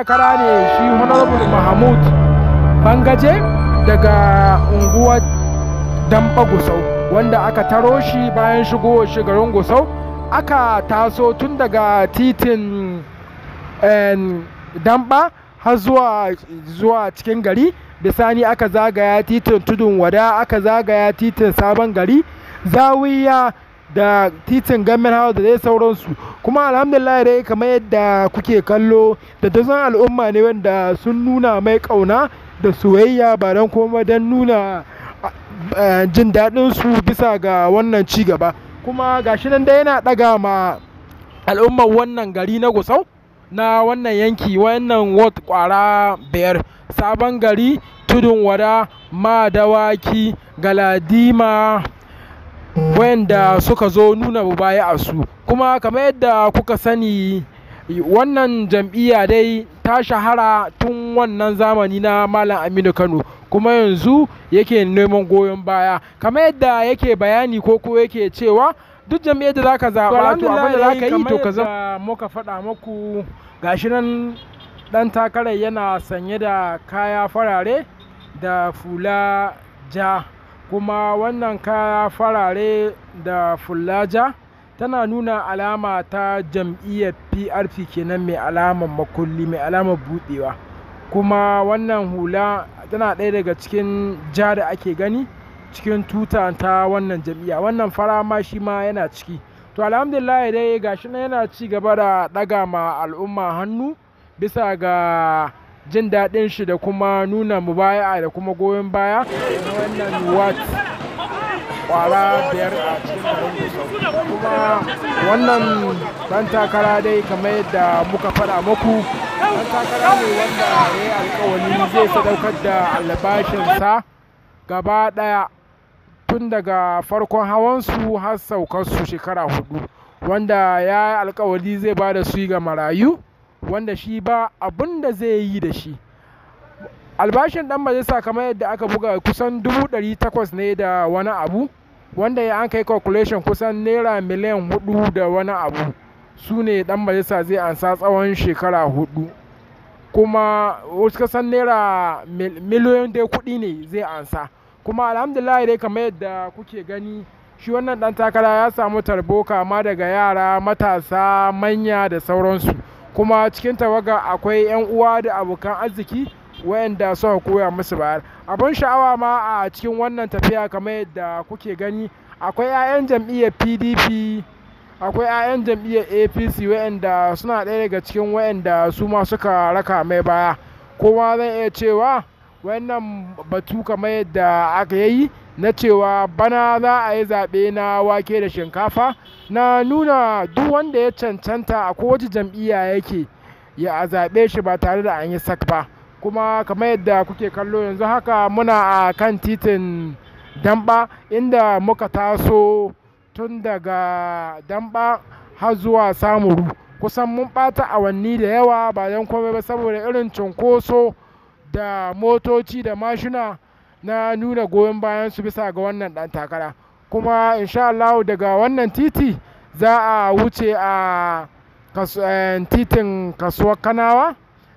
takara ne shi honorable mahmud bangaje daga unguwar damba gusau wanda aka taro shi bayan shigo shigarin gusau aka taso tun daga titin eh, damba har zuwa cikin gari bisani aka zagaya titin tudun wada aka zagaya titin sabon gari zawiya da titin gamin hawa da zai sauransu kuma alhamdulillah dai kamar yadda kuke kallo da tazan al'umma ne wanda sun nuna mai kauna da soyayya ba don kuma don nuna eh, jin daɗin su bisa ga wannan cigaba kuma gashi nan dai yana ɗaga ma al'ummar wannan gari na gusau na wannan yanki wannan wat kwara biyar sabon gari tudun wada ma dawaki galadima wayanda suka zo nuna baya a su kuma kamar yadda kuka sani wannan jam'iyya dai ta shahara tun wannan zamani na malam aminu kano kuma yanzu yake neman goyon baya kamar yadda yake bayani ko ko yake cewa duk jam'iyyar da zaka zaɓa to abin da zaka yi to ka muka faɗa muku gashi nan dan takarar yana sanye da kaya farare da fula ja kuma wannan kaya farare da fullaja tana nuna alama ta jam'iyyar prp kenan mai alamar makulli mai alamar budewa. kuma wannan hula tana ɗaya daga cikin ja da ake gani cikin tuta ta wannan jam'iyya wannan fara ma shi ma yana ciki to alhamdulillah dai gashi nan yana ci gaba da ɗaga ma al'umma hannu bisa ga jin daɗin shi da kuma nuna mu baya da kuma goyon baya wannan wat kwara biyar a cikin garin kuma wannan dan takara dai kamar yadda muka faɗa maku. dan takara ne wanda ya yi alkawari zai sadaukar da albashinsa gaba ɗaya tun daga farkon hawansu har saukarsu shekara hudu wanda ya yi alkawari zai ba da su ga marayu wanda shi ba abun da zai yi da shi albashin dan majalisa kamar yadda aka buga kusan dubu ɗari takwas ne da wani abu wanda ya an kai calculation kusan naira miliyan hudu da wani abu su ne dan majalisa zai ansa tsawon shekara hudu kuma kusan naira miliyan dai kudi ne zai ansa kuma alhamdulillah dai kamar yadda kuke gani shi wannan dan takara ya samu tarbo kama daga yara matasa manya da sauransu kuma cikin tawaga akwai 'yan uwa da abokan arziki wayanda suka koya musu bayar abin sha'awa ma a cikin wannan tafiya kamar yadda kuke gani akwai 'ya'yan jam'iyyar pdp akwai 'ya'yan jam'iyyar apc wayanda suna ɗaya daga cikin wayanda su ma suka raka mai baya kuma zan iya cewa wannan batu kamar yadda aka yayi na cewa bana za a yi zaɓe na wake da shinkafa na nuna duk wanda ya cancanta a kowace jam'iyya yake ya a zaɓe shi ba tare da an yi sak ba kuma kamar yadda kuke kallo yanzu haka muna a kan titin damba inda muka taso tun daga damba har zuwa samuru kusan mun ɓata awanni da yawa ba don komai ba saboda irin cunkoso da motoci da mashina na nuna goyon bayan su bisa ga wannan dan takara kuma insha Allah daga wannan titi za a wuce a eh, titin kasuwar kanawa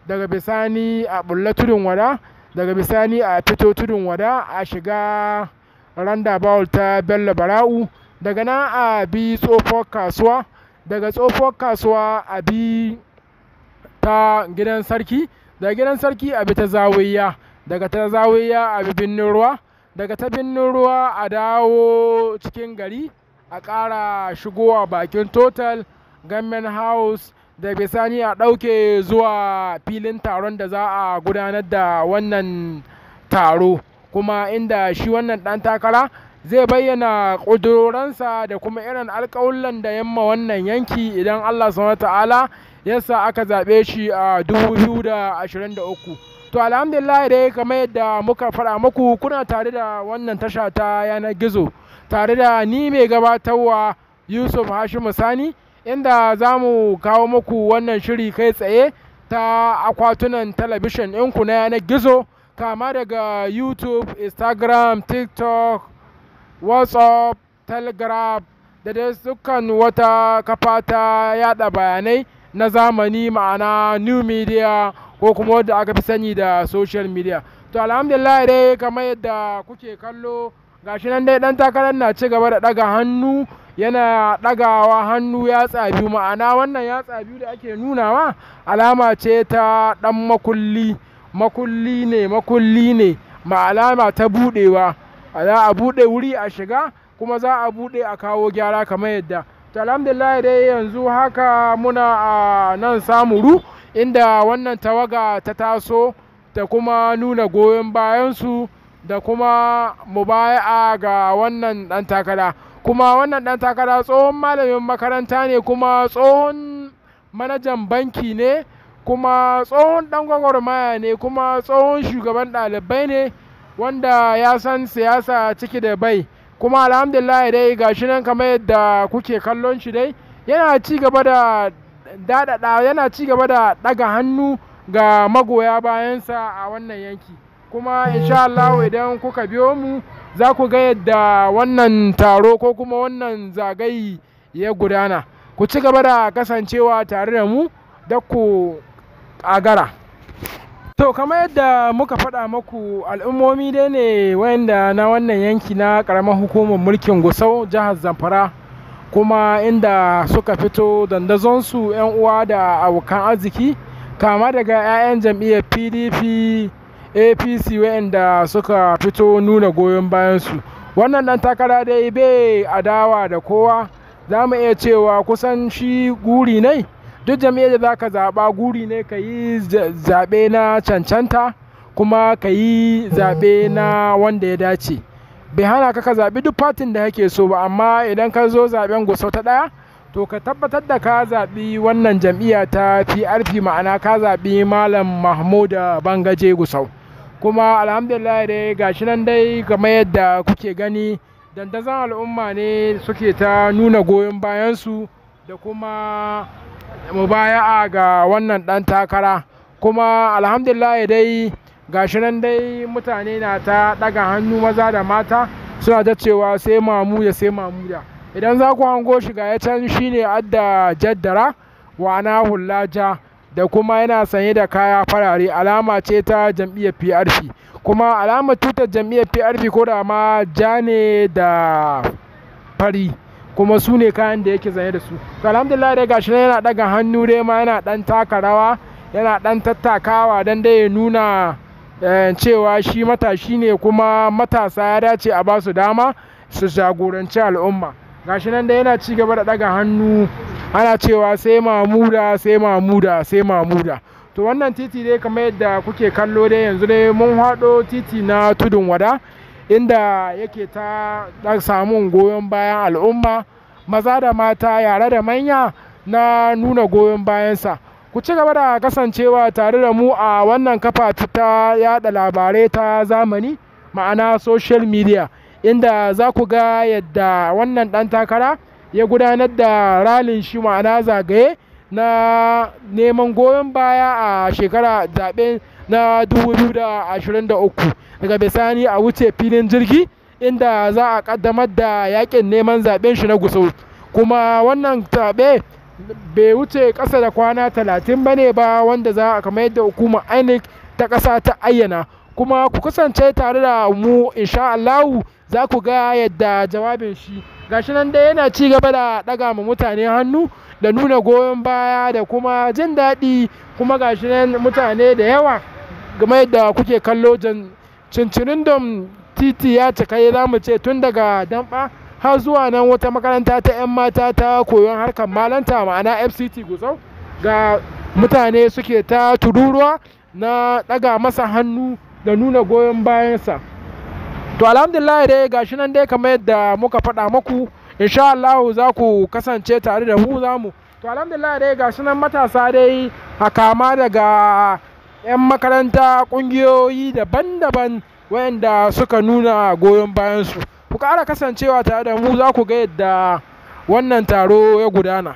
daga bisani a bulla tudun wada daga bisani a fito tudun wada a shiga randa bawul ta bello bara'u daga nan a bi tsofar kasuwa daga tsofar kasuwa a bi ta gidan sarki daga gidan sarki a bi ta zawiya daga ta zawiya a binnin ruwa daga ta binnin ruwa a dawo cikin gari a ƙara shigowa bakin total government house da bisani a ɗauke zuwa filin taron da za a gudanar da wannan taro kuma inda shi wannan ɗan takara zai bayyana ƙuduroransa da kuma irin alƙawullan da yamma wannan yanki idan allah subhanahu ta'ala yasa aka zaɓe shi a 2023 to alhamdulillah dai kamar yadda muka faɗa muku kuna tare da wannan tasha ta yanar gizo tare da ni mai gabatarwa yusuf hashimu sani inda za mu kawo muku wannan shiri kai tsaye ta akwatunan talabishin ɗinku na yanar gizo kama daga youtube instagram tiktok whatsapp telegram da dai dukkan wata kafa ta yada bayanai na zamani ma'ana new media ko kuma wadda aka fi sani da social media to alhamdulillah dai kamar yadda kuke kallo gashi nan dai dan takarar na ci gaba da daga hannu yana dagawa hannu ya tsabi ma'ana wannan ya tsabi da ake nunawa alama ce ta dan makulli makulli ne makulli ne ma alama ta budewa za a bude wuri a shiga kuma za a bude a kawo gyara kamar yadda to alhamdulillah dai yanzu haka muna a nan samuru inda wannan tawaga ta taso ta kuma nuna goyon bayansu da kuma baya ga wannan ɗan takara kuma wannan ɗan takara tsohon malamin makaranta ne kuma tsohon manajan banki ne kuma tsohon ɗan gwagwarmaya ne kuma tsohon shugaban ɗalibai ne wanda ya san siyasa ciki da bai kuma alhamdulillah dai gashi nan kamar yadda kuke kallon shi dai yana ci gaba da daɗaɗa yana ci gaba da ɗaga hannu ga magoya bayansa a wannan yanki kuma insha Allah idan kuka biyo mu za ku ga yadda wannan taro ko kuma wannan zagayi ya gudana ku ci gaba da kasancewa tare da mu da ku ƙagara to kamar yadda muka faɗa maku al'ummomi dai ne wayanda na wannan yanki na ƙaramar hukumar mulkin gusau jihar zamfara kuma inda suka fito dandazonsu 'yan uwa da abokan arziki kama daga 'ya'yan jam'iyyar pdp apc waɗanda suka fito nuna goyon bayansu wannan ɗan takara dai bai adawa da kowa za mu iya cewa kusan shi guri ne duk jam'iyyar da za ka zaɓa guri ne ka yi zaɓe na cancanta kuma ka yi zaɓe na wanda ya dace bai hana ka ka zaɓi duk fatin da kake so ba amma idan ka zo zaɓen gusau ta ɗaya to ka tabbatar da ka zaɓi wannan jam'iyya ta PRP ma'ana ka zaɓi Malam Mahmud Bangaje Gusau kuma alhamdulillah dai shi nan dai kamar yadda kuke gani dandazan al'umma ne suke ta nuna goyon bayansu da kuma mubaya'a ga wannan ɗan takara kuma alhamdulillah dai gashi nan dai mutane na ta ɗaga hannu maza da mata suna ta cewa sai mamu ya sai mamu da idan za ku hango shi ga ya can shine adda jaddara wa ana da kuma yana sanye da kaya farare alama ce ta jam'iyyar PRP kuma alamar tutar jam'iyyar PRP ko da ma ja ne da fari kuma su ne kayan da yake zanye da su alhamdulillah dai gashi yana daga hannu dai ma yana dan taka rawa yana dan tattakawa dan dai ya nuna Eh, cewa shi matashi ne kuma matasa ya dace a basu dama su jagoranci al'umma gashi nan da yana cigaba da daga hannu ana cewa sai mamuda sai mamuda sai mamuda to wannan titi dai kamar yadda kuke kallo dai yanzu dai mun haɗo titi na tudun wada inda yake ta samun goyon bayan al'umma maza da mata yare da manya na nuna goyon bayansa ku ci gaba da kasancewa tare da mu a wannan kafa ta yada labarai ta zamani ma'ana social media inda za ku ga yadda wannan ɗan takara ya gudanar da ralin shi ma'ana zagaye na neman goyon baya a shekara zaɓe na 2023 daga bisani a wuce filin jirgi inda za a ƙaddamar da yakin neman zaɓen shi na gusau kuma wannan zaɓe bai wuce ƙasa da kwana talatin ba ne ba wanda za a kamar yadda hukumar inec ta kasa ta ayyana kuma ku kasance tare da mu insha Allah za ku ga yadda jawabin shi gashi nan dai yana ci gaba da ɗaga ma mutane hannu da nuna goyon baya da kuma jin daɗi kuma gashi nan mutane da yawa game da kuke kallo cincirindom titi ya cika za mu ce tun daga damɓa har zuwa nan wata makaranta ta 'yan mata ta koyon harkar malanta ma'ana fct gusau ga mutane suke ta tururuwa na ɗaga masa hannu da nuna goyon bayansa to alhamdulillah dai gashi nan dai kamar yadda muka faɗa maku insha Allah za ku kasance tare da mu za mu to alhamdulillah dai gashi nan matasa dai hakama daga 'yan makaranta ƙungiyoyi daban-daban wayanda suka nuna goyon bayansu ku ƙara kasancewa tare da mu za ku ga yadda wannan taro ya gudana.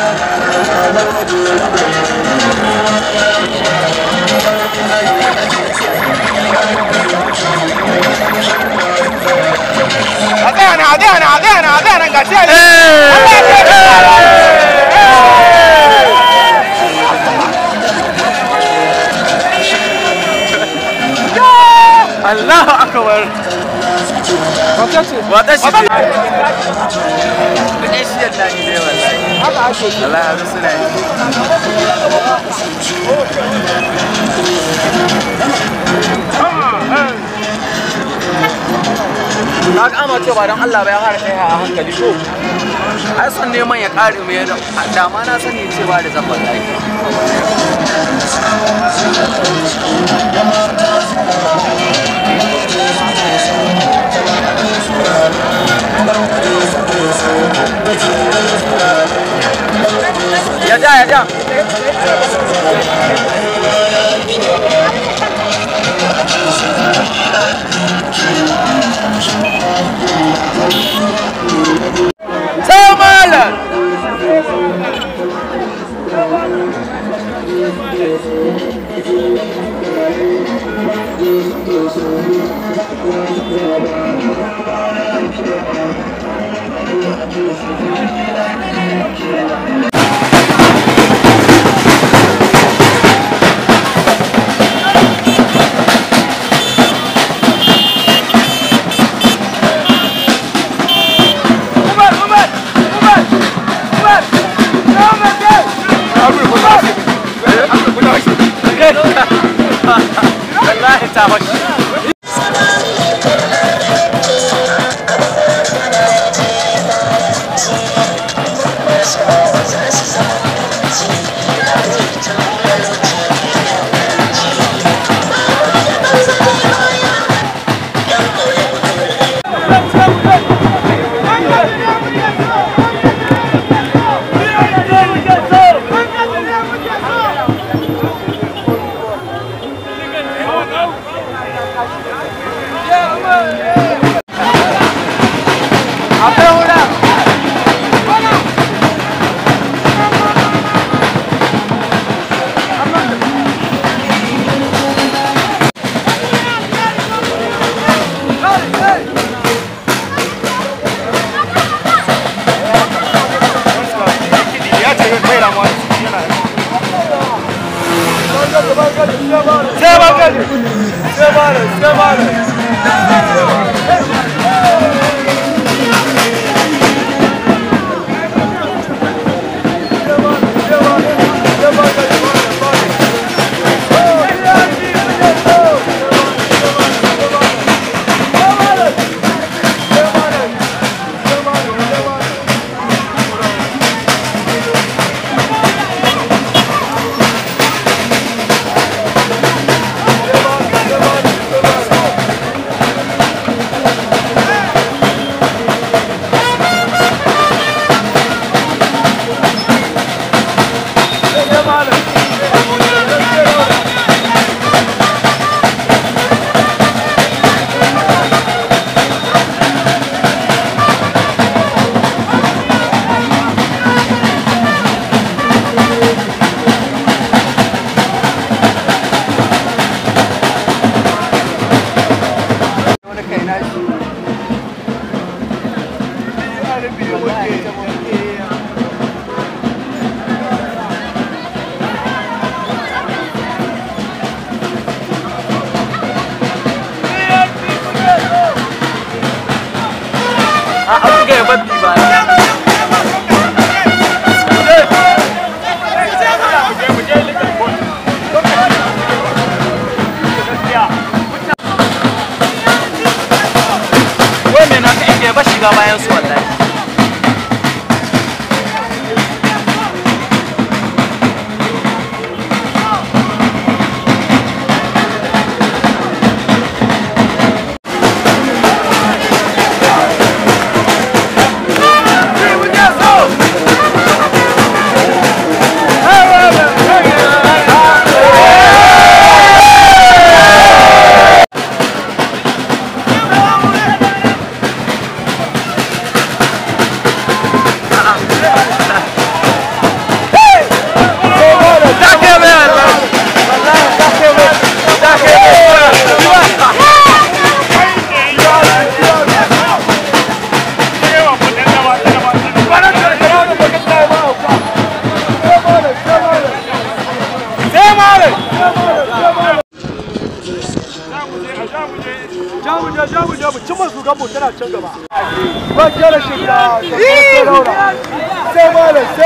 إيه. الله اكبر واتشي Allah ya rusu da na kama ce ba don Allah ba ya fara kai a hankali ko ai son neman ya kare mai dama na sani cewa da zan ban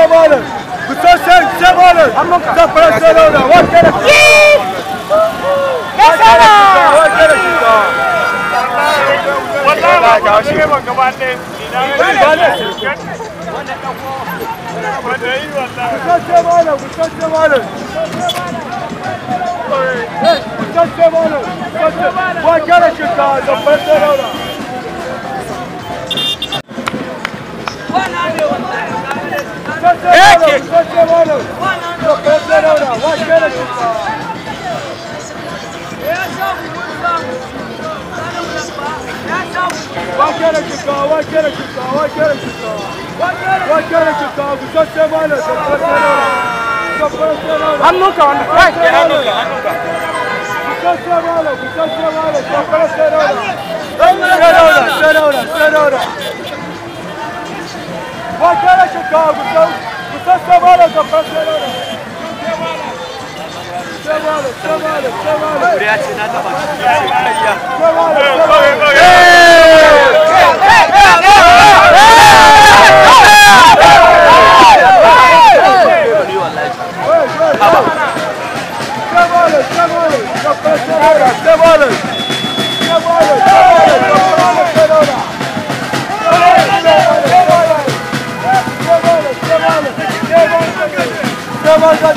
Barcelona! Você sente Barcelona! Está Barcelona! Vai querer Hey, touch the ball! Touch the ball! Why can't you touch the Barcelona? Ecchi! Hannuka, Hannuka, Hannuka, Hannuka. Hannuka, Hannuka, Hannuka, Hannuka, cá, Gustavo. Gustavo trabalha, Gustavo trabalha. Trabalha, trabalha, trabalha. Por essa nada mais. Trabalha, trabalha. Trabalha, trabalha. Trabalha, trabalha.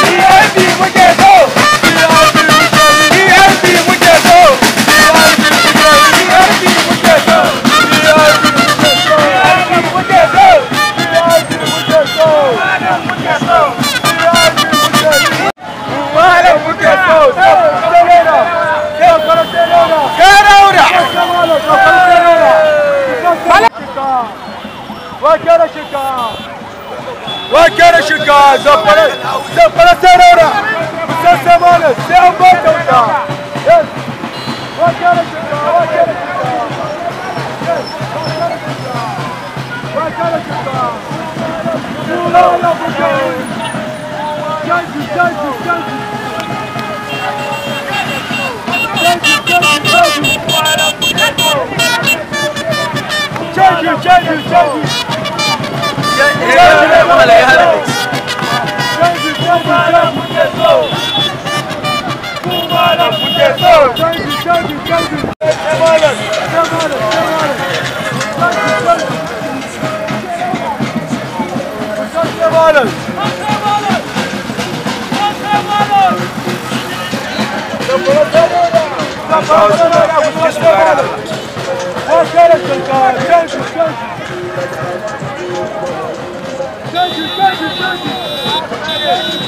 Quem é vivo que é bom? chegar, desapareceram! Essa semana, se arrumando, cara! Olha aquela chegar, olha aquela chegar! Olha aquela chegar! Pula lá, porque... Janjo, janjo, janjo! Change you, change you, change you. Yeah, yeah, yeah, yeah, yeah, yeah. Kumara Putezo! Kumara Putezo! Çalgı, çalgı, çalgı! Emanet! Emanet, emanet! Çalgı, çalgı! Çalgı, emanet! Kahramanlar! Kahramanlar! Kahramanlar! Kahramanlar! Hoş geldin kahramanlar! Thank you, thank you, thank you.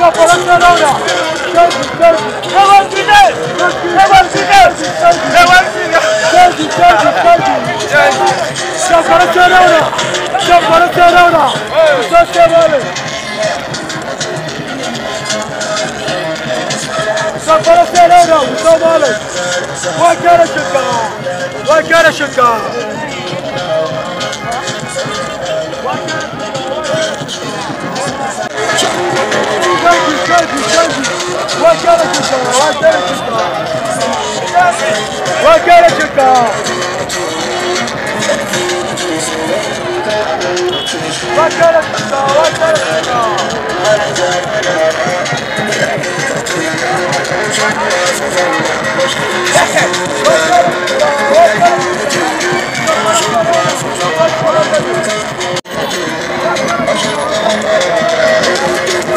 Aşağı falan dön oraya. Ne var size? Ne var size? Ne var size? Gel git gel git gel git. Aşağı falan söyle ona. Aşağı falan söyle ona. Usta söyle abi. Usta falan söyle ona. Usta abi. Vay kara şıkka. Vay kara şıkka. Vay sangue, sangue, sangue. Vai cara de carro, vai cara de carro. Vai cara de carro. Vai cara de carro, vai cara de carro. Vai cara de carro.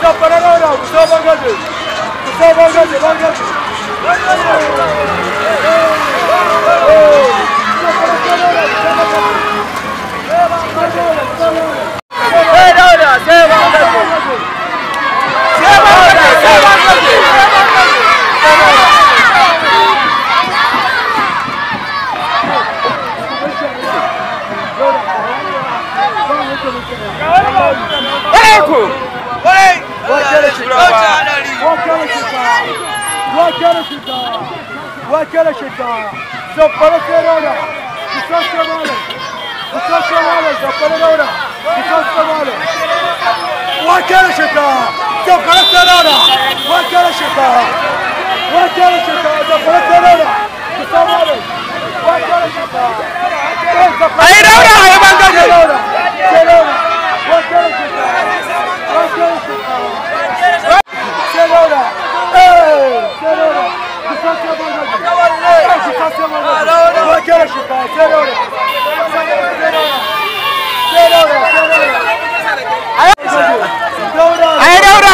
Só para não, não, só para o Só para o وكل شدة زبالة سيرانة كسر شمالة كسر شمالة زبالة دورة كسر شمالة وكل شدة زبالة سيرانة وكل شدة وكل شدة زبالة سيرانة كسر شمالة أي دورة يا بندر دورة سيرانة وكل شدة وكل Ai daura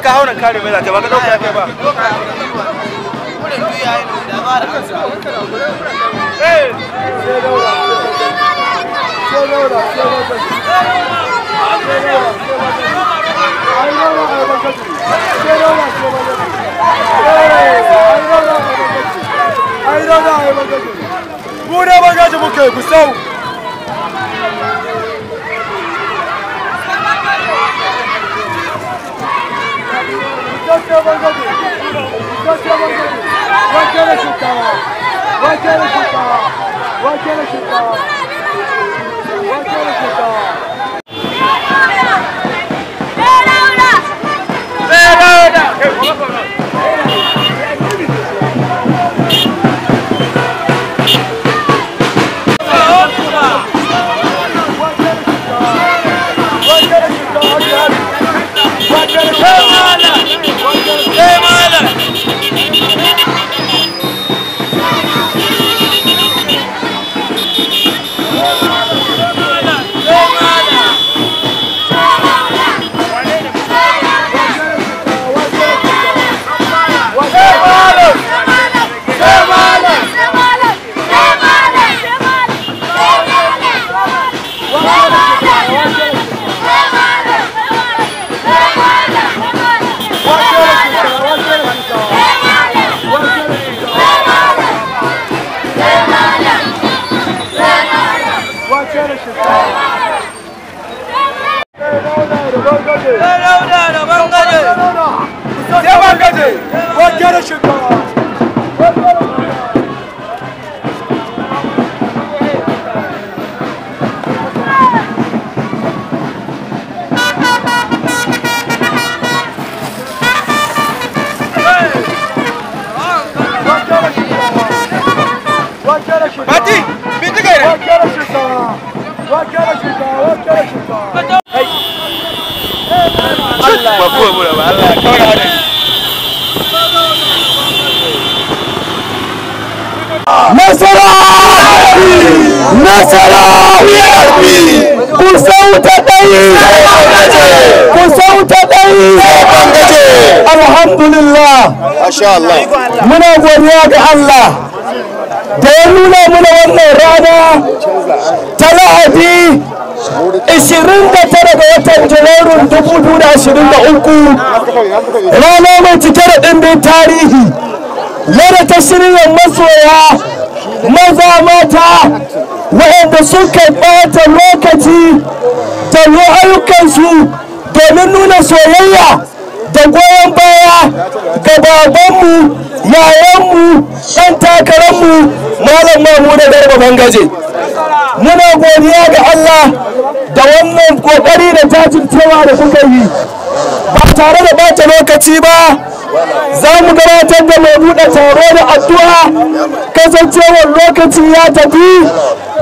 da ka hauna kare mai zata ba ka dauka ba وكان شكاوى وكان شكاوى وكان شكاوى وكان شكاوى What get us your muna godiya ga Allah da ya nuna muna wannan rana ta lahadi 29 ga watan janairun 2023 rana mai cike da ɗimbin tarihi yadda ta shirya masoya maza mata waɗanda suka ɓata lokaci da ayyukansu domin nuna soyayya da goyon baya ga yayanmu ɗan takararmu malam mu da garba bangaje muna godiya ga Allah da wannan kokari da jajircewa da kuka yi ba tare da bata lokaci ba za mu gabatar da mai buɗe taro da addu'a kasancewar lokaci ya tafi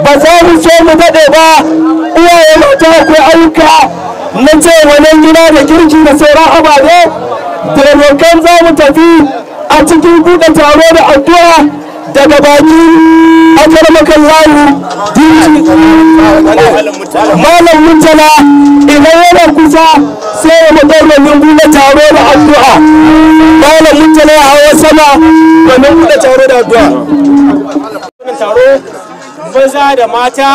ba za mu so mu daɗe ba uwaye mata akwai ayyuka na ce wani gida da girki da sauran ababe taimakon za mu tafi a cikin buɗe taro da addu'a daga baki a karmakan layu malam mutala idan yana kusa sai ya mutar da buɗe taro da addu'a malam mutala ya hawa sama domin buɗe taro da addu'a maza da mata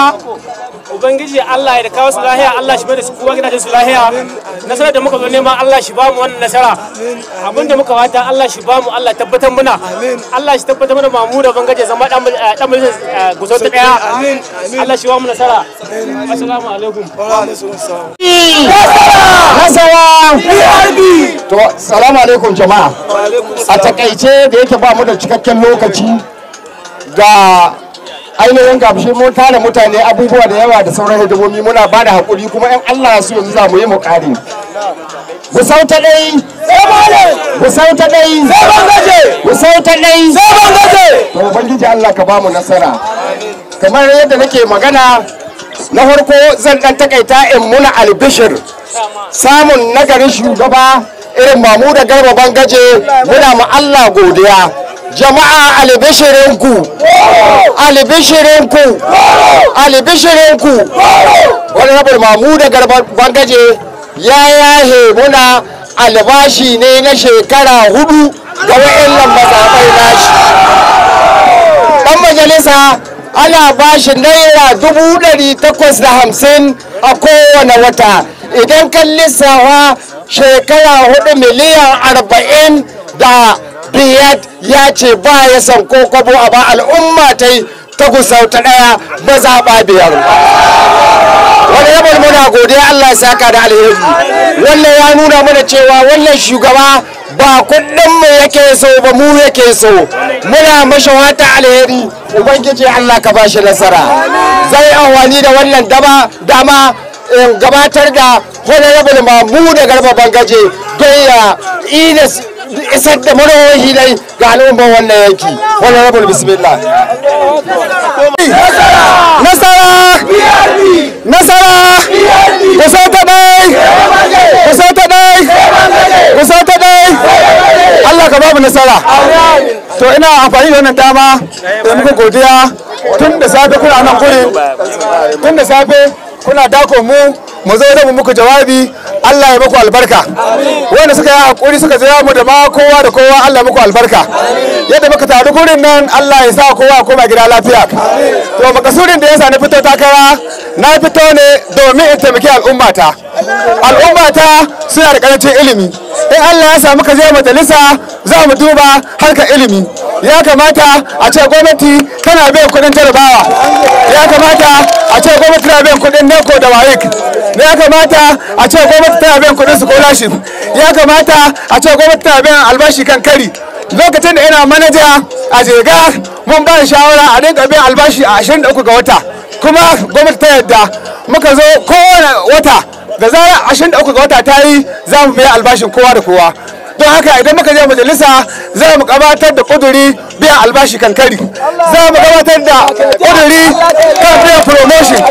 ubangiji Allah ya da kawo su lahiya Allah shi da su kowa gidajen su lahiya nasara da muka zo nema Allah shi ba mu wannan nasara abin da muka wata Allah shi ba mu Allah tabbatar muna Allah shi tabbatar mana mamu da ubangiji zama dan dan mulkin gusau ta daya Allah shi ba mu nasara assalamu alaikum wa alaikum assalam nasara PRB to assalamu alaikum jama'a a takaice da yake ba mu da cikakken lokaci ga ainihin shi mun tara mutane abubuwa da yawa da sauran hidimomi muna ba da haƙuri kuma yan Allah su yanzu za mu yi muƙari. Gusau ɗai! Gusau ta ɗai! ɗai! To Ubangiji Allah ka ba mu nasara. Kamar yadda nake magana na farko zan ɗan takaita in muna albishir samun nagarin shugaba irin mamu da garba bangaje muna ma Allah godiya. jama'a albishirinku albishirinku albishirinku honorable da garba bangaje ya yahe muna albashi ne na shekara hudu ga wa'annan mazaɓai nashi ɗan majalisa ana bashi naira dubu ɗari takwas da hamsin a kowane wata idan kan lissawa shekara hudu miliyan arba'in da Riyad ya ce ba ya san ko kwabo a ba al'umma ta yi ta gusau ta ɗaya mazaɓa biyar. Wani yabar muna godiya Allah ya saka da alheri. Wannan ya nuna mana cewa wannan shugaba ba kuɗin mu yake so ba mu yake so. Muna mashawa wata alheri Ubangiji Allah ka shi nasara. Zai amfani da wannan dama dama eh, gabatar da honorable mamu da garba bangaje don ya ina isar da marawoyi dai ga al'ummar wannan yanki wannan rabin bismillah nasara nasara kusa ta dai kusa ta dai kusa ta dai Allah ka babu nasara to ina amfani da wannan dama da muku godiya tun da safe kuna nan kuri tun da safe kuna dako mu mu zo da muku jawabi Allah ya muku albarka wanda suka yi hakuri suka jira mu da ma kowa da kowa Allah ya muku albarka yadda muka taru gurin nan Allah ya sa kowa koma gida lafiya to makasurin da ya sa na fito takara na fito ne domin in taimaki al'ummata al'ummata suna da karancin ilimi in Allah ya samu ka je majalisa za mu duba harkar ilimi ya kamata a ce gwamnati tana biyan kudin jarabawa ya kamata a ce gwamnati tana biyan kudin neko da wayek ya kamata a ce gwamnati ta biyan kudin scholarship ya kamata a ce gwamnati ta biyan albashi kan kari lokacin da ina manaja a jega mun ba shawara a dinga biyan albashi a 23 ga wata kuma gwamnati ta yadda muka zo kowane wata da zarar 23 ga wata ta yi za mu biya albashin kowa da kowa don haka idan muka je majalisa za mu gabatar da kuduri biyan albashi kankari za mu gabatar da kuduri kan biyan promotion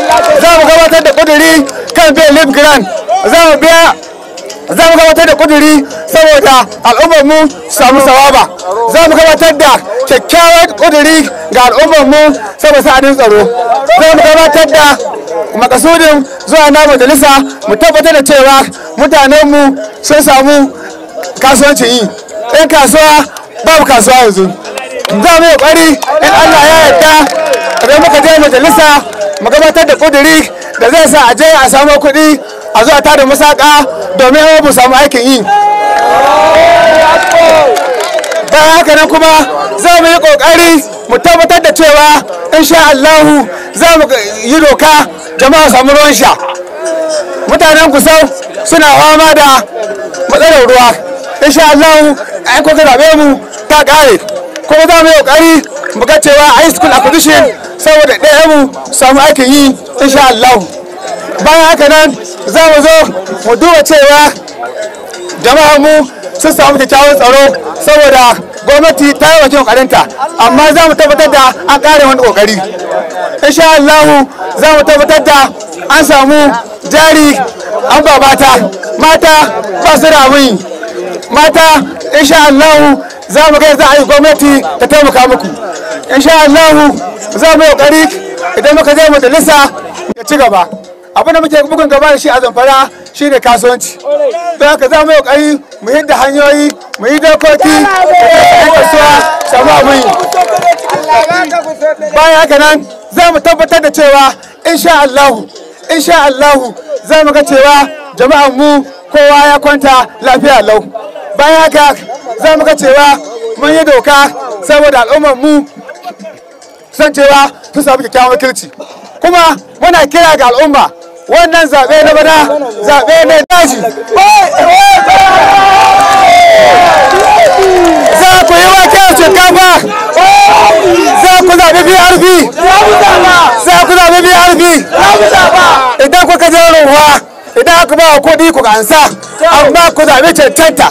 za mu gabatar da kuduri kan biyan lip grant za mu biya za mu gabatar da kuduri saboda al'ummar mu samu sawaba za mu gabatar da kyakkyawar kuduri ga al'ummar mu saboda sa'adin tsaro za mu gabatar da makasudin zuwa na majalisa mu tabbatar da cewa mutanenmu sun samu kasuwancin yi ɗan kasuwa babu kasuwa yanzu za mu yi ƙwari in allah ya yarda idan muka je majalisa mu gabatar da ƙuduri da zai sa a je a samu kuɗi a zuwa tada musaƙa domin mu samu aikin yi bayan haka nan kuma za mu yi ƙoƙari mu tabbatar da cewa insha allahu za mu yi doka jama'a samu ruwan sha mutanen kusan suna fama da matsalar ruwa insha Allah ai ko ka zabe mu ta kare kuma za mu yi kokari mu ga cewa high school acquisition saboda ɗaya mu samu aikin yi insha Allah bayan haka nan za mu zo mu duba cewa jama'a mu sun samu kyakkyawan tsaro saboda gwamnati ta yi wakil kokarinta amma za mu tabbatar da an kare wani kokari insha Allah za mu tabbatar da an samu jari an babata mata ba su da mata insha Allah za mu ga za a yi gwamnati ta taimaka muku insha Allah za mu yi kokari idan muka je majalisa ya ci gaba abin da muke bugun gaba da shi a zamfara shine kasuwanci don haka za mu yi kokari mu yi da hanyoyi mu yi dokoki da bayan haka nan za mu tabbatar da cewa insha Allah insha Allah za mu ga cewa jama'an mu kowa ya kwanta lafiya lau bayan haka za mu ga cewa mun yi doka saboda al'ummar mu san cewa su samu kyakkyawan wakilci kuma muna kira ga al'umma wannan zaɓe na bana zaɓe mai daji za ku yi wakil shinkafa za ku zaɓi brb za ku zaɓi brb idan kuka je ruwa idan aka ba kudi ku ansa amma ku zaɓi cancanta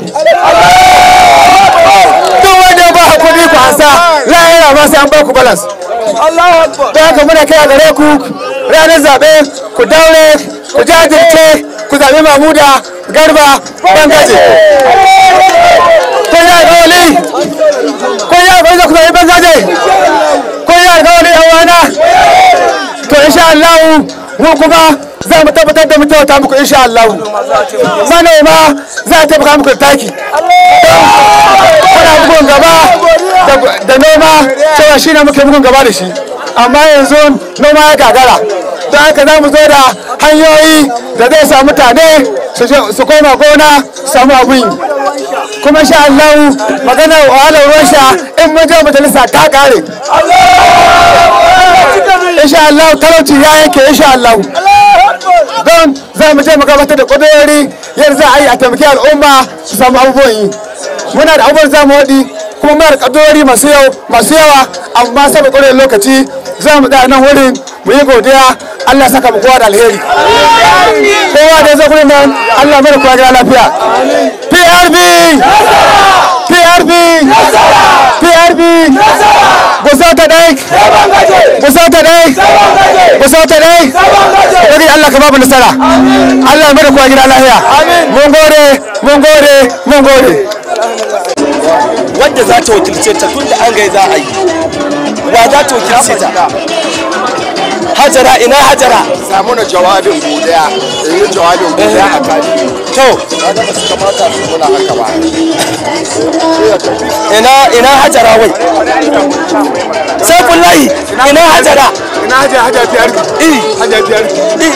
duk wanda ba kudi ku ansa la'ayyar ba sai an ba ku balance don haka muna kai a gare ku ranar zaɓe ku daure ku jajirce ku zaɓi mamuda garba ɗan gaje kun yi alƙawali kun yi alƙawali da ku zaɓi ban gaje kun yi alƙawali ɗan to insha Allah mu kuma za mu tabbatar da mu kyauta muku insha Allah manoma za a taimaka muku taki kuna bugun gaba da noma cewa shi ne muke bugun gaba da shi amma yanzu noma ya gagara don haka za mu zo da hanyoyi da zai sa mutane su koma gona su samu abin kuma sha Allah maganar wahalar ruwan sha in mun je majalisa ta kare insha Allah talauci ya yake insha Allah don za mu je mu gabatar da kudurori yadda za a yi a taimaki al'umma su samu abubuwan yi muna da abubuwan zamu haɗi kuma muna da kadurori masu yawa amma saboda ƙwarar lokaci za mu tsaya nan wurin mu yi godiya Allah saka mu kowa da alheri kowa da ya zo nan Allah mai kowa gida lafiya PRB PRP PRP gusa ta dai gusa ta dai gusa ta dai dai Allah ka babu nasara Amin! Allah ya bada kuwa gida lahiya mun gore mun gore mun gore wanda za ta wakilce ta tun da an gai za a yi wa za ta wakilce ta hajara ina hajara samu na jawabin godiya in jawabin godiya a kadi to ina ina hajara wai sai kullahi ina hajara ina hajara hajara hajara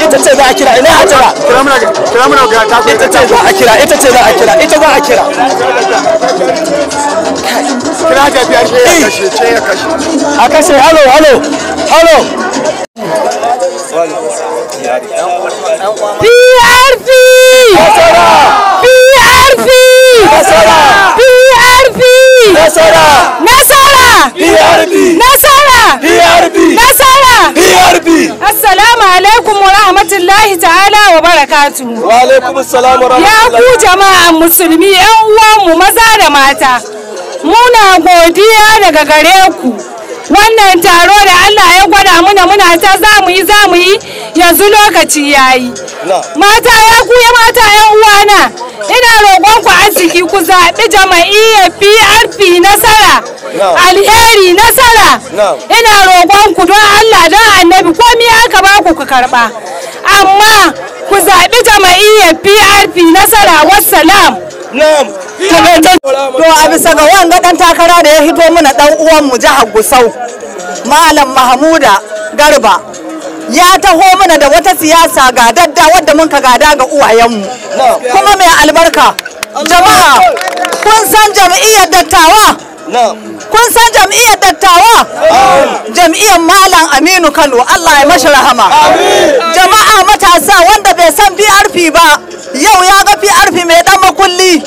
ita ce za a kira ina hajara kira kira ga ta ita ce za a kira ita ce za a kira ita za a kira kira hajara a kashe halo halo halo DRB e nasara DRB e nasara DRB e assalamu alaikum wa rahmatullahi ta'ala wa barakatuhu wa alaikum assalam wa rahmatullahi ya ku jama'an musulmi yan uwanmu mu maza da mata muna godiya daga gare ku wannan taro da Allah ya gwada muna muna ta za mu yi yi yanzu lokaci ya yi mata ya kuya mata yan uwana ina roƙon ku arziki ku zaɓi jama'iyyar PRP nasara alheri nasara ina roƙon ku don Allah don annabi komi aka baku ku karba karɓa amma ku zaɓi jama'iyyar PRP nasara wassalam to a bisa ga wanga dan takara da ya hito mana dan uwan jihar Gusau Malam Mahmuda Garba ya taho mana da wata siyasa ga dadda wadda mun ka gada ga uwayenmu kuma mai albarka jama'a kun san jam'iyyar dattawa kun san jam'iyyar dattawa jam'iyyar malam aminu kano allah ya mashi rahama jama'a matasa wanda bai san brp ba yau ya ga brp mai dan makulli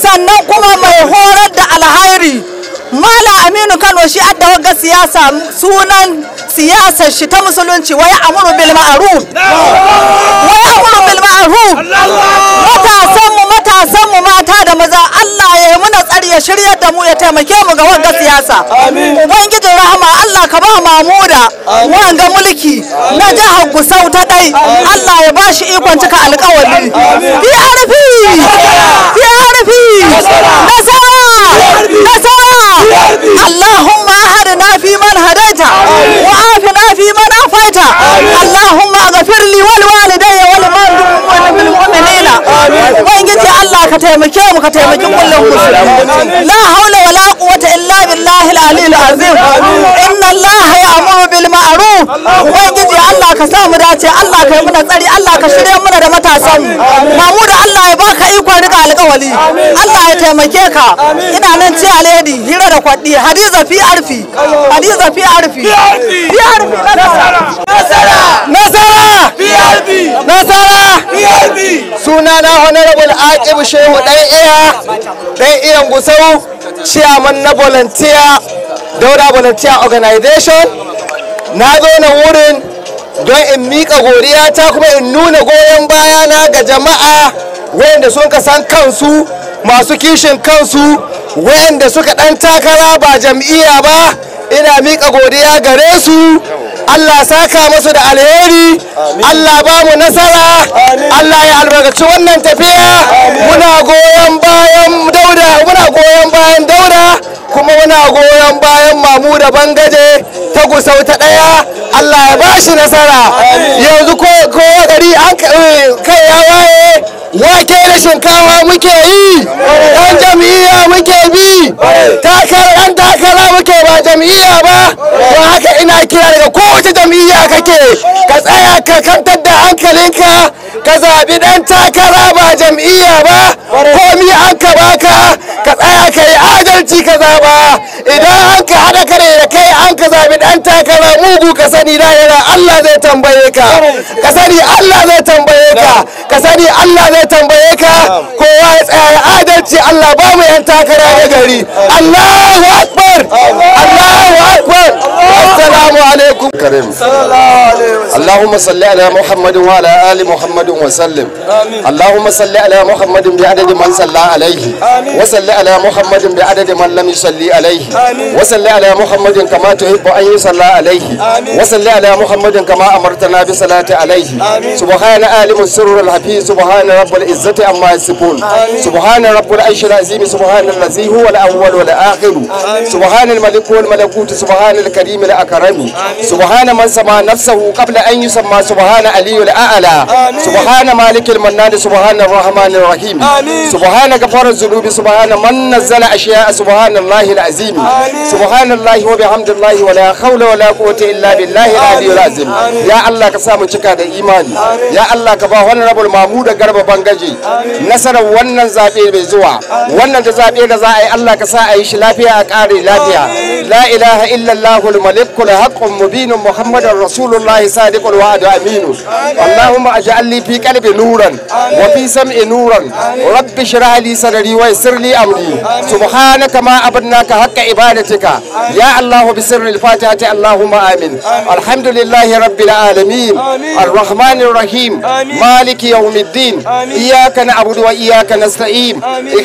sannan kuma mai horar da alhairi malam aminu kano shi adda wagga siyasa sunan siyasar shi ta musulunci waya amuru bil ma'ruf amuru bil ma'ruf san mu mata da maza Allah ya yi muna tsari ya shirya da mu ya taimake mu ga wanga siyasa ubangijin rahama Allah ka ba mamuda wanga mulki na jihar Gusau ta dai Allah ya bashi ikon cika alƙawari PRP arfi nasara nasara Allahumma hadana fi man hadaita wa ubangiji Allah ka taimake mu ka taimaki kullum kullum la haula wala quwwata illa billahi al-aliyyil azim inna ya amuru bil ma'ruf ubangiji Allah ka sa mu dace Allah ka yi muna tsari Allah ka shirye muna da matasan mu da Allah ya baka ikon rika alƙawali Allah ya taimake ka ina nan ce alheri hira da kwaɗi hadiza fi arfi hadiza fi arfi fi arfi nasara nasara nasara fi arfi nasara fi arfi sunana honorable aqib shehu dan iya dan iya gusau ciyaman na volunteer dauda volunteer organization na zo na wurin don in miƙa godiya ta kuma in nuna goyon bayana ga jama'a wayanda sun san kansu masu kishin kansu wayanda suka ɗan takara ba jam'iyya ba ina miƙa godiya gare su Allah saka masu da alheri Allah ba mu nasara Allah ya albarkaci wannan tafiya muna goyon bayan dauda muna goyon bayan dauda kuma muna goyon bayan mamu da bangaje ta gusau ta ɗaya Allah ya ba shi nasara yanzu kowa gari eh, kai ya waye wake da shinkawa muke yi ɗan jam'iyya muke bi ɗan takara muke ba jam'iyya ba ba haka ina kira daga kowace jam'iyya kake ka tsaya ka kantar da hankalinka ka zaɓi ɗan takara ba jam'iyya ba komi an ka baka ka tsaya ka yi adalci ka zaɓa ba idan an ka haɗa kare da kai an ka zaɓi ɗan takara mugu ka sani da yana Allah zai tambaye ka ka sani Allah zai tambaye ka ka sani Allah zai tambaye ka kowa ya tsaya adalci Allah ba mu yan takara da gari Allahu akbar Allahu akbar assalamu alaikum كريم اللهم صل على محمد وعلى آل محمد وسلم اللهم صل على محمد بعدد من صلى عليه وصل على محمد بعدد من لم يصلي عليه وصل على محمد كما تحب أن يصلى عليه وصل على محمد كما أمرتنا بصلاة عليه سبحان آل مسرور الحفيظ سبحان رب العزة أما يصفون سبحان رب العيش العظيم سبحان الذي هو الأول والآخر سبحان الملك والملكوت سبحان الكريم الأكرم سبحان subhana man sama nafsahu qabla an yusamma subhana aliyul a'la subhana malikil mannan subhana rahmanir rahim subhana ghafar dhunubi subhana man nazzala ashiya subhana allahil azim subhana allah wa bihamdillahi wa la hawla wa la quwwata illa billahi aliyul azim ya allah ka sa mu cika da imani ya allah ka ba honorable mahmud garba bangaje nasarar wannan zabe mai zuwa wannan da zabe da za a yi allah ka sa a yi shi lafiya a kare lafiya la ilaha illallah al malikul haqqul mubin دين محمد رسول الله صادق الوعد أمين اللهم اجعل لي في قلبي نورا وفي سمع نورا رب اشرح لي صدري ويسر لي أمري سبحانك ما عبدناك حق عبادتك يا الله بسر الفاتحة اللهم آمين الحمد لله رب العالمين الرحمن الرحيم مالك يوم الدين إياك نعبد وإياك نستعين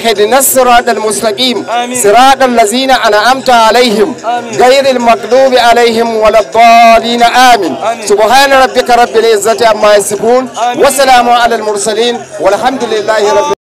اهدنا الصراط المستقيم صراط الذين أنعمت عليهم غير المغضوب عليهم ولا الضالين الضالين آمين سبحان ربك رب العزة عما يصفون وسلام على المرسلين والحمد لله رب